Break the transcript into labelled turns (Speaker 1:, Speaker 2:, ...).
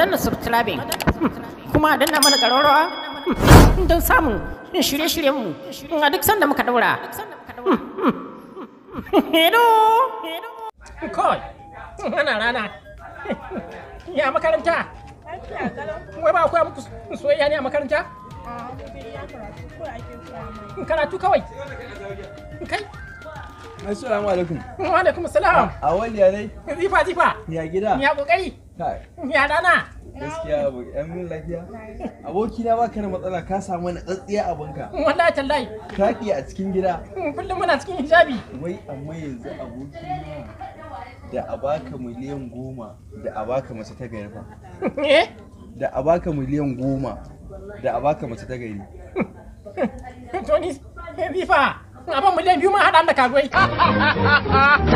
Speaker 1: a subscribing kuma a danna mana ƙararrawa don samun shirye-shiryenmu a duk sanda muka daura. Hedo! Kawai, ana rana. Ya makaranta?
Speaker 2: Wai ba akwai muku soyayya ne a makaranta? Karatu kawai. Kai?
Speaker 3: Assalamu alaikum.
Speaker 4: Wa alaikum salam.
Speaker 3: A wani ya dai? Zifa zifa. Ya gida? Ya
Speaker 4: kokari? Ya dana?
Speaker 3: Gaskiya abu yan min lafiya. Aboki na baka da matsala ka samu wani tsatsiya abinka.
Speaker 5: Wallahi tallahi.
Speaker 3: Kaki a cikin gida.
Speaker 5: Kullum muna cikin hijabi.
Speaker 3: Wai amma yanzu
Speaker 6: aboki na da a baka miliyan goma da a baka mace ta gari fa. Eh? Da a baka miliyan goma da a baka mace ta gari.
Speaker 7: Tony, zifa. abin miliyan biyu ma haɗa da karuwai